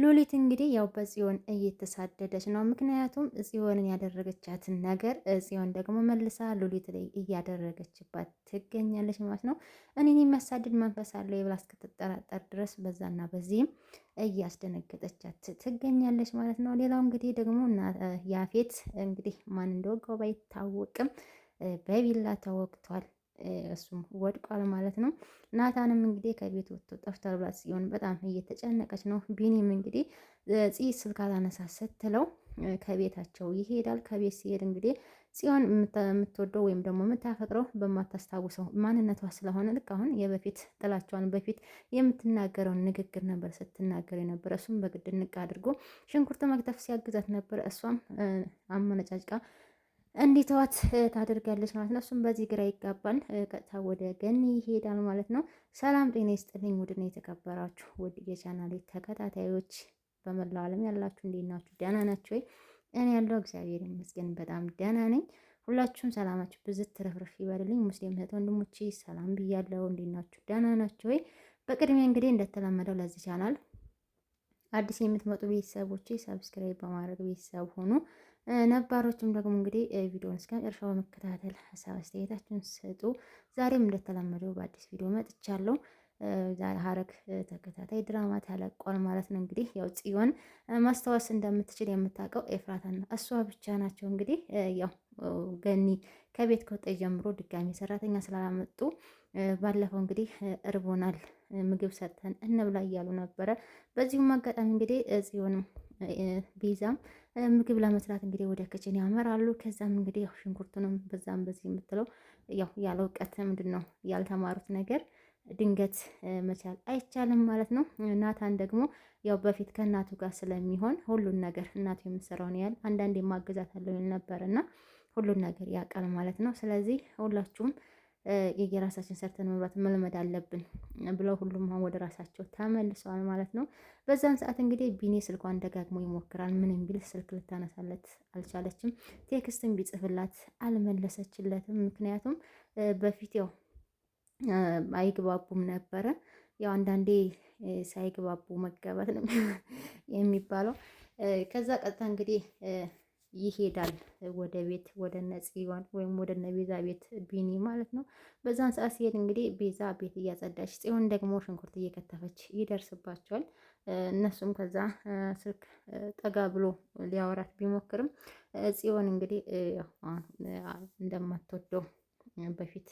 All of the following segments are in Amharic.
ሉሊት እንግዲህ ያው በጽዮን እየተሳደደች ነው። ምክንያቱም ጽዮንን ያደረገቻትን ነገር ጽዮን ደግሞ መልሳ ሉሊት ላይ እያደረገችባት ትገኛለች ማለት ነው። እኔን የሚያሳድድ መንፈስ አለ የብላ እስክትጠራጠር ድረስ በዛና በዚህም እያስደነገጠቻት ትገኛለች ማለት ነው። ሌላው እንግዲህ ደግሞ ያፌት እንግዲህ ማን እንደወጋው ባይታወቅም በቢላ ተወግቷል። እሱም ወድቋል ማለት ነው። ናታንም እንግዲህ ከቤት ወጥቶ ጠፍቷል ብላ ጽዮን በጣም እየተጨነቀች ነው። ቢኒም እንግዲህ ጽ ስልክ አላነሳ ስትለው ከቤታቸው ይሄዳል። ከቤት ሲሄድ እንግዲህ ጽዮን የምትወደው ወይም ደግሞ የምታፈቅረው በማታስታውሰው ማንነቷ ስለሆነ ልክ አሁን የበፊት ጥላቸዋን በፊት የምትናገረውን ንግግር ነበር ስትናገር የነበረ እሱም በግድ ንቅ አድርጎ ሽንኩርት መክተፍ ሲያግዛት ነበር። እሷም አመነጫጭቃ እንዲተዋት ታደርጋለች ማለት ነው። እሱም በዚህ ግራ ይጋባል። ቀጥታ ወደ ገኒ ይሄዳል ማለት ነው። ሰላም ጤና ይስጥልኝ ውድና የተከበራችሁ ውድ የቻናሌ ተከታታዮች በመላው ዓለም ያላችሁ እንዴት ናችሁ? ደህና ናችሁ ወይ? እኔ ያለው እግዚአብሔር ይመስገን በጣም ደህና ነኝ። ሁላችሁም ሰላማችሁ ብዝት ትረፍረፍ ይበልልኝ። ሙስሊም እህት ወንድሞቼ ሰላም ብያለሁ። እንዴት ናችሁ? ደህና ናችሁ ወይ? በቅድሚያ እንግዲህ እንደተለመደው ለዚህ ቻናል አዲስ የምትመጡ ቤተሰቦች ሰብስክራይብ በማድረግ ቤተሰብ ሆኑ። ነባሮችም ደግሞ እንግዲህ ቪዲዮን እስከ መጨረሻው በመከታተል ሀሳብ አስተያየታችሁን ስጡ። ዛሬም እንደተለመደው በአዲስ ቪዲዮ መጥቻለሁ። ሀረግ ተከታታይ ድራማ ተለቋል ማለት ነው። እንግዲህ ያው ጽዮን ማስታወስ እንደምትችል የምታውቀው ኤፍራታና እሷ ብቻ ናቸው። እንግዲህ ያው ገኒ ከቤት ከወጣች ጀምሮ ድጋሚ ሰራተኛ ስላላመጡ ባለፈው እንግዲህ እርቦናል ምግብ ሰጥተን እንብላ እያሉ ነበረ። በዚሁም አጋጣሚ እንግዲህ ጽዮንም ቤዛም ምግብ ለመስራት እንግዲህ ወደ ክችን ያመራሉ። ከዛም እንግዲህ ያው ሽንኩርቱንም በዛም በዚህ የምትለው ያው ያለ እውቀት ምንድን ነው ያልተማሩት ነገር ድንገት መቻል አይቻልም ማለት ነው። ናታን ደግሞ ያው በፊት ከእናቱ ጋር ስለሚሆን ሁሉን ነገር እናቱ የምትሰራውን ያህል አንዳንድ የማገዛት አለው እና ሁሉን ነገር ያውቃል ማለት ነው። ስለዚህ ሁላችሁም የየራሳችን ሰርተን መብላት መልመድ አለብን ብለው ሁሉም አሁን ወደ ራሳቸው ተመልሰዋል ማለት ነው። በዛን ሰዓት እንግዲህ ቢኒ ስልኳን ደጋግሞ ይሞክራል። ምንም ቢል ስልክ ልታነሳለት አልቻለችም። ቴክስትን ቢጽፍላት አልመለሰችለትም። ምክንያቱም በፊት ያው አይግባቡም ነበረ። ያው አንዳንዴ ሳይግባቡ መጋባት ነው የሚባለው። ከዛ ቀጥታ እንግዲህ ይሄዳል ወደ ቤት ወደ እነ ወይም ወደ እነ ቤት ቢኒ ማለት ነው። በዛን ሰዓት ሲሄድ እንግዲህ ቤዛ ቤት እያጸዳች፣ ጽዮን ደግሞ ሽንኩርት እየከተፈች ይደርስባቸዋል። እነሱም ከዛ ስልክ ጠጋ ብሎ ሊያወራት ቢሞክርም ጽዮን እንግዲህ እንደማትወደው በፊት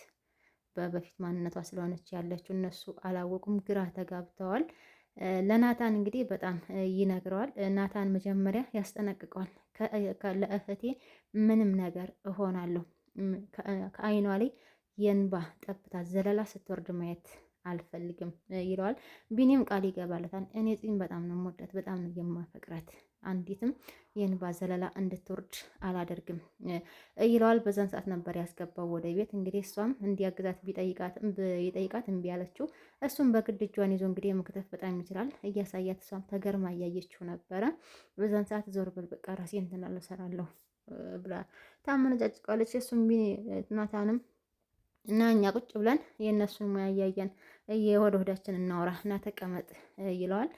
በበፊት ማንነቷ ስለሆነች ያለችው እነሱ አላወቁም፣ ግራ ተጋብተዋል። ለናታን እንግዲህ በጣም ይነግረዋል። ናታን መጀመሪያ ያስጠነቅቀዋል። ለእህቴ ምንም ነገር እሆናለሁ፣ ከአይኗ ላይ የእንባ ጠብታ ዘለላ ስትወርድ ማየት አልፈልግም ይለዋል። ቢኒም ቃል ይገባለታል። እኔ ጽም በጣም ነው የምወዳት፣ በጣም ነው የማፈቅራት አንዲትም የእንባ ዘለላ እንድትወርድ አላደርግም ይለዋል። በዛን ሰዓት ነበር ያስገባው ወደ ቤት። እንግዲህ እሷም እንዲያግዛት ቢጠይቃት እምቢ አለችው። እሱም በግድ እጇን ይዞ እንግዲህ የመክተፍ በጣም ይችላል እያሳያት፣ እሷም ተገርማ እያየችው ነበረ። በዛን ሰዓት ዞር ብል በቃ ራሴ እንትን አለው እሰራለሁ ብላ ታመነጫጭቃለች። እሱም ናታንም እና እኛ ቁጭ ብለን የእነሱን ሙያ እያየን የወደ ወዳችን እናውራ እና ተቀመጥ ይለዋል።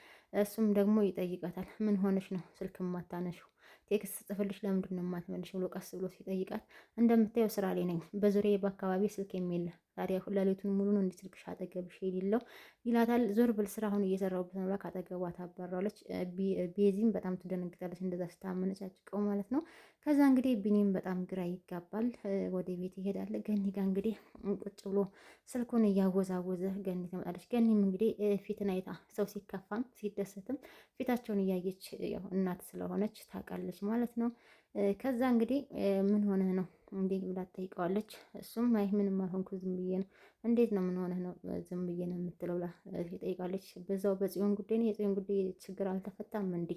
እሱም ደግሞ ይጠይቃታል። ምን ሆነሽ ነው ስልክ ማታነሽው? ቴክስት ጽፍልሽ ለምንድን ነው ብሎ ቀስ ብሎ ሲጠይቃት እንደምታየው ስራ ላይ ነኝ፣ በዙሪያ በአካባቢ ስልክ የሚል ዛሬ ሌሊቱን ሙሉ ነው አጠገብሽ የሌለው ይላታል። ዞር ብል አሁን እየሰራሁበት ነው ብላ ካጠገቧ ታባራለች። ቤዚም በጣም ትደነግጣለች፣ እንደዛ ስታመነጫጭቀው ማለት ነው። ከዛ እንግዲህ ቢኒም በጣም ግራ ይጋባል፣ ወደ ቤት ይሄዳል። ገኒ ጋ እንግዲህ ቁጭ ብሎ ስልኩን እያወዛወዘ ገኒ ትመጣለች። ገኒም እንግዲህ ፊትን አይታ ሰው ሲከፋም ሲደሰትም ፊታቸውን እያየች እናት ስለሆነች ታውቃለች ማለት ነው። ከዛ እንግዲህ ምን ሆነህ ነው እንዴት ብላ ትጠይቀዋለች። እሱም አይ ምንም አልሆንኩ ዝም ብዬ ነው። እንዴት ነው ምን ሆነ ነው ዝም ብዬ ነው የምትለው ብላ ትጠይቃለች። በዛው በጽዮን ጉዳይ ነው የጽዮን ጉዳይ ችግር አልተፈታም እንዴ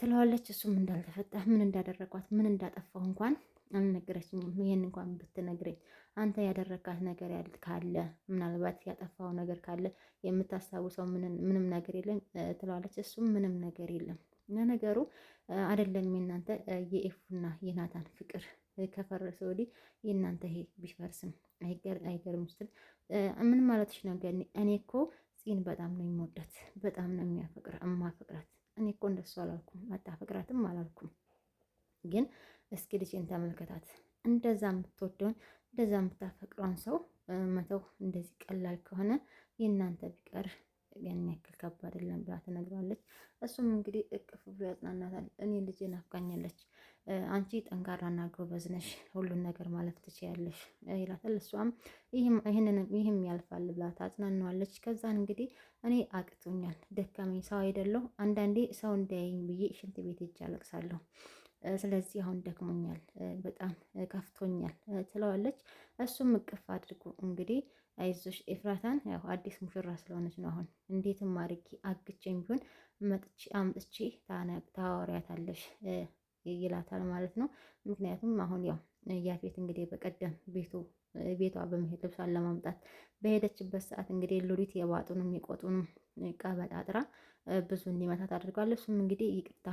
ትለዋለች። እሱም እንዳልተፈታ ምን እንዳደረኳት ምን እንዳጠፋሁ እንኳን አልነገረችኝም። ይሄን እንኳን ብትነግረኝ አንተ ያደረካት ነገር ካለ ምናልባት ያጠፋው ነገር ካለ የምታስታውሰው ምንም ነገር የለም ትለዋለች። እሱም ምንም ነገር የለም። ለነገሩ አይደለም የእናንተ የኤፉና የናታን ፍቅር ከፈረሰ ወዲህ የእናንተ ይሄ ቢፈርስም አይገርም ስትል ምን ማለትሽ ገኒ? እኔ እኮ ጺን በጣም ነው የሚወዳት በጣም ነው የሚያፈቅራ እማፈቅራት እኔ እኮ እንደሱ አላልኩም አታፈቅራትም አላልኩም ግን እስኪ ልጅን ተመልከታት እንደዛ የምትወደውን እንደዛ የምታፈቅረውን ሰው መተው እንደዚህ ቀላል ከሆነ የእናንተ ቢቀር ያን ያክል ከባድ አይደለም ብላ ትነግረዋለች። እሱም እንግዲህ እቅፍ ብሎ ያጽናናታል። እኔ ልጄ ናፍቃኛለች፣ አንቺ ጠንካራና ጎበዝ ነሽ፣ ሁሉን ነገር ማለፍ ትችያለሽ ይላታል። እሷም ይህም ያልፋል ብላ ታጽናናዋለች። ከዛን እንግዲህ እኔ አቅቶኛል፣ ደካመኝ ሰው አይደለሁ። አንዳንዴ ሰው እንዳያይኝ ብዬ ሽንት ቤት እጅ አለቅሳለሁ ስለዚህ አሁን ደክሞኛል፣ በጣም ከፍቶኛል ትለዋለች። እሱም እቅፍ አድርጎ እንግዲህ አይዞሽ ኤፍራታን ያው አዲስ ሙሽራ ስለሆነች ነው። አሁን እንዴትም አድርጊ አግቼም ቢሆን መጥቼ አምጥቼ ታወሪያታለሽ ይላታል ማለት ነው። ምክንያቱም አሁን ያው ያፌት እንግዲህ በቀደም ቤቱ ቤቷ በመሄድ ልብሷን ለማምጣት በሄደችበት ሰዓት እንግዲህ ሉሊት የባጡንም የቆጡንም ቀበጣጥራ ብዙ እንዲመታት አድርጓል። እሱም እንግዲህ ይቅርታ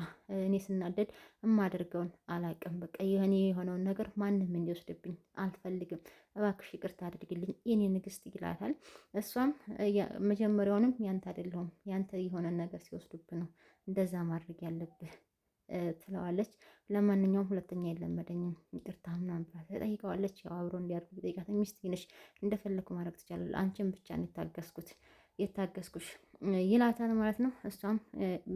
እኔ ስናደድ የማደርገውን አላቅም። በቃ የእኔ የሆነውን ነገር ማንም እንዲወስድብኝ አልፈልግም። እባክሽ ይቅርታ አድርግልኝ የኔ ንግስት ይላታል። እሷም መጀመሪያውንም ያንተ አይደለሁም ያንተ የሆነ ነገር ሲወስዱብ ነው እንደዛ ማድረግ ያለብህ ትለዋለች። ለማንኛውም ሁለተኛ የለመደኝም ይቅርታ ምናምን ብላ ተጠይቀዋለች። ያው አብሮ እንዲያርጉ ጠይቃት። ሚስቴ ነሽ እንደፈለግኩ ማድረግ ትችላለህ። አንቺን ብቻ ነው የታገስኩት የታገስኩሽ ይላታል ማለት ነው። እሷም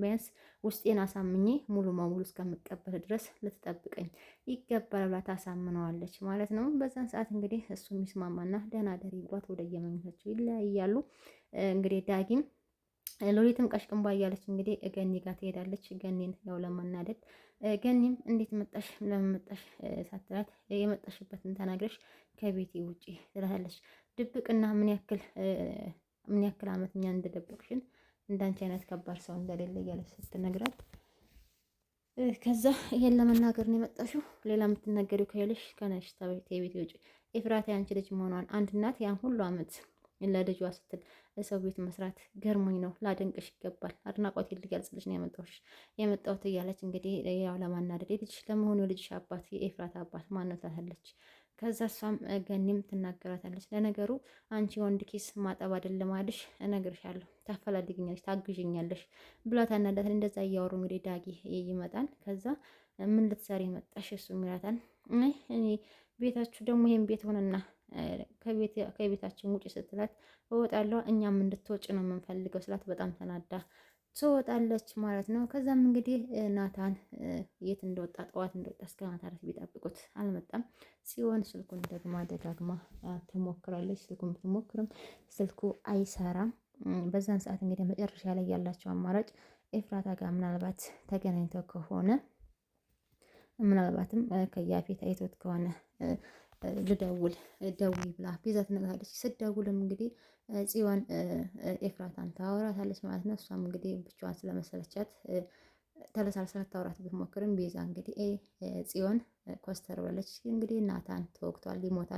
ቢያንስ ውስጤን አሳምኜ ሙሉ በሙሉ እስከምቀበል ድረስ ልትጠብቀኝ ይገባል ብላ ታሳምነዋለች ማለት ነው። በዛን ሰዓት እንግዲህ እሱ የሚስማማና ደህና ደሪ ይጓት ወደ የመኝታቸው ይለያያሉ። እንግዲህ ዳጊም ሎሊትም ቀሽቅንባ እያለች እንግዲህ ገኒ ጋር ትሄዳለች። ገኒን ያው ለማናደድ ገኒም እንዴት መጣሽ ለምን ሳትላት የመጣሽበትን ተናግረሽ ከቤቴ ውጪ ትላታለች። ድብቅና ምን ያክል ምን ያክል ዓመት እኛን እንደደበቅሽን እንዳንቺ አይነት ከባድ ሰው እንደሌለ እያለች ስትነግራት ከዛ ይሄን ለመናገር ነው የመጣሽው። ሌላ የምትናገሪው ከሌለሽ ከነሽ ተቤት ውጭ ኤፍራታ ያንቺ ልጅ መሆኗን አንድ እናት ያን ሁሉ አመት ለልጇ ስትል ሰው ቤት መስራት ገርሞኝ ነው። ላደንቅሽ ይገባል። አድናቆት ልገልጽልሽ ነው ያመጣሁሽ የመጣሁት እያለች እንግዲህ ያው ለማናደድ የልጅሽ ለመሆኑ የልጅሽ አባት የኤፍራት አባት ማነው ከዛ እሷም ገኒም ትናገራታለች። ለነገሩ አንቺ ወንድ ኪስ ማጠብ አይደለም አይደልሽ? እነግርሻለሁ፣ ታፈላልግኛለሽ፣ ታግዥኛለሽ ብላ ታናዳታል። እንደዛ እያወሩ እንግዲህ ዳጊ ይመጣል። ከዛ ምን ልትሰሪ መጣሽ? እሱ ይላታል። እኔ ቤታችሁ ደግሞ ይህን ቤት ሆነና ከቤታችን ውጭ ስትላት እወጣለሁ፣ እኛም እንድትወጭ ነው የምንፈልገው ስላት በጣም ተናዳ ትወጣለች ማለት ነው። ከዛም እንግዲህ ናታን የት እንደወጣ ጠዋት እንደወጣ እስከ ማታ ድረስ ቢጠብቁት አልመጣም። ሲሆን ስልኩን ደግማ ደጋግማ ትሞክራለች። ስልኩን ብትሞክርም ስልኩ አይሰራም። በዛን ሰዓት እንግዲህ መጨረሻ ላይ ያላቸው አማራጭ ኤፍራታ ጋር ምናልባት ተገናኝተው ከሆነ ምናልባትም ከያፌት አይቶት ከሆነ ልደውል ደውይ ብላ ቤዛ ትነግራታለች። ስትደውልም እንግዲህ ጽዮን ኤፍራታን ታወራታለች ማለት ነው። እሷም እንግዲህ ብቻዋን ስለመሰለቻት ተለሳልሳ ታወራት ብትሞክርም ቤዛ እንግዲህ ጽዮን ኮስተር ብላለች። እንግዲህ ናታን ተወቅቷል፣ ይሞታል